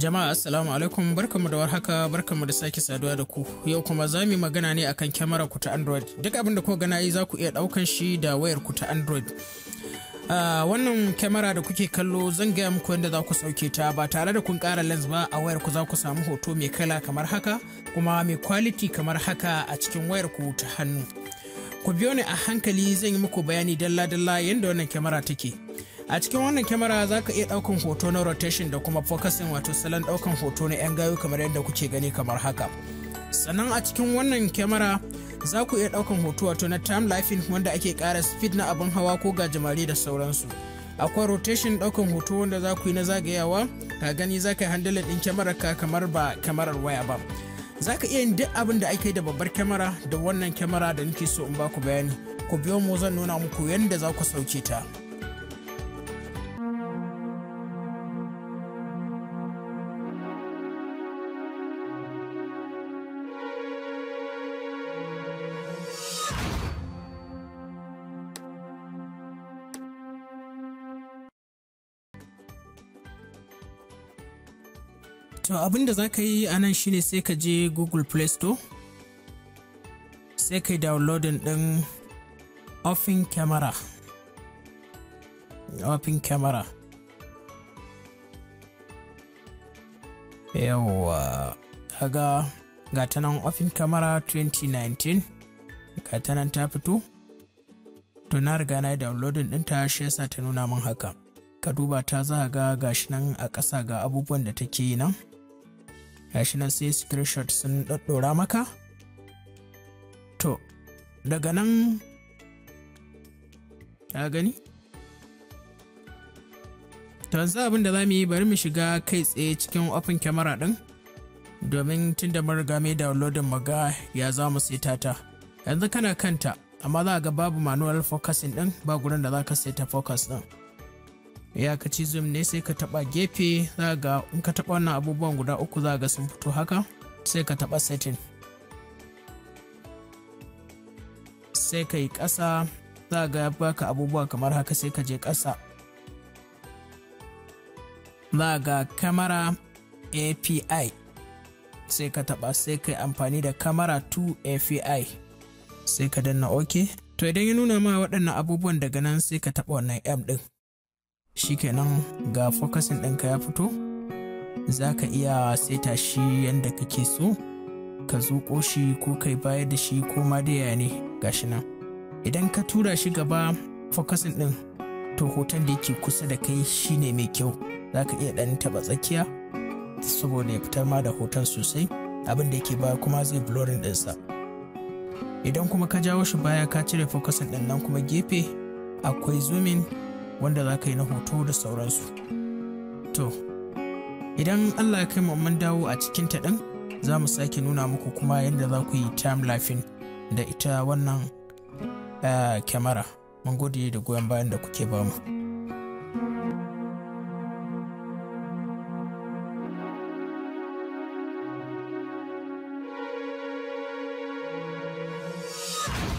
Jama'a assalamu alaikum barkamu da warhaka barkamu da sake saduwa da ku yau kuma za mu yi magana ne akan kyamara ku ta Android duk abin da ku gana yi za ku iya daukan shi da wayar ku ta Android wannan kyamara da kuke kallo zan gaya muku yadda za ku sauke ta ba tare da kun kara lens ba a wayar ku za ku samu hoto mai kala kamar haka kuma mai quality kamar haka a cikin wayar ku ta hannu ku biyo ni a hankali zan yi muku bayani dalla-dalla yadda wannan kyamara take a cikin wannan kyamara za ka iya ɗaukan hoto na rotation da kuma focusing wato salon ɗaukan hoto na 'yan gayu kamar yadda kuke gani kamar haka sannan a cikin wannan kyamara za ku iya ɗaukan hoto wato na time lifing wanda ake ƙara speed na abin hawa ko gajimare da sauransu akwai rotation ɗaukan hoto wanda za ku yi na zagayawa ka gani za ka yi handling ɗin kyamarar ka kamar ba kyamarar waya ba za ka iya yin duk abin da ake da babbar kyamara da wannan kyamara da nake so in ba ku bayani ku biyo mu zan nuna muku yadda za ku sauke ta. to abin da za ka yi a nan shine sai ka je google play store sai ka yi downloadin ɗin Offing camera Offing camera yawwa kaga ga ta nan Offing camera 2019 ga ta nan ta fito to na riga na yi downloading ɗinta shi yasa ta nuna min haka ka duba ta za ga gashi nan a ƙasa ga abubuwan da take yi nan gashi nan sai screenshot sun daddora maka to daga nan ta gani to yanzu abin da za mu yi bari mu shiga kai tsaye cikin open camera ɗin domin tun da riga mai downloadin maga ya za mu seta ta yanzu kana kanta amma za ga babu manual focusing ɗin ba gurin da za ka seta focus ɗin iyakaci zoom ne sai ka taba gefe za ga in ka taba wannan abubuwan guda uku za ga sun fito haka sai ka taba setting sai ka yi ƙasa za ga baka abubuwa kamar haka sai ka je ƙasa za ga kamara api sai ka taba sai ka yi amfani da kamara 2 api sai ka danna ok to idan ya nuna ma waɗannan abubuwan daga nan sai ka taba wannan m ɗin kenan, ga focusing ɗinka ya fito za ka iya saita shi yadda kake so ka zuƙo shi ko kai bayar da shi ko ma da yaya ne gashi nan idan ka tura shi gaba focusing ɗin to hoton da yake kusa da kai shine mai kyau za ka iya ɗan taɓa tsakiya saboda ya fitar ma da hoton sosai abin da yake baya kuma zai blurring ɗinsa idan kuma ka jawo shi baya ka cire fokasin ɗin nan kuma gefe akwai zooming wanda za ka yi na hoto da sauransu to idan allah ya kai mun dawo a cikin ta ɗin za mu sake nuna muku kuma yadda za ku yi time lafin da ita wannan eh, kyamara mun gode da goyon bayan da kuke bamu. mu you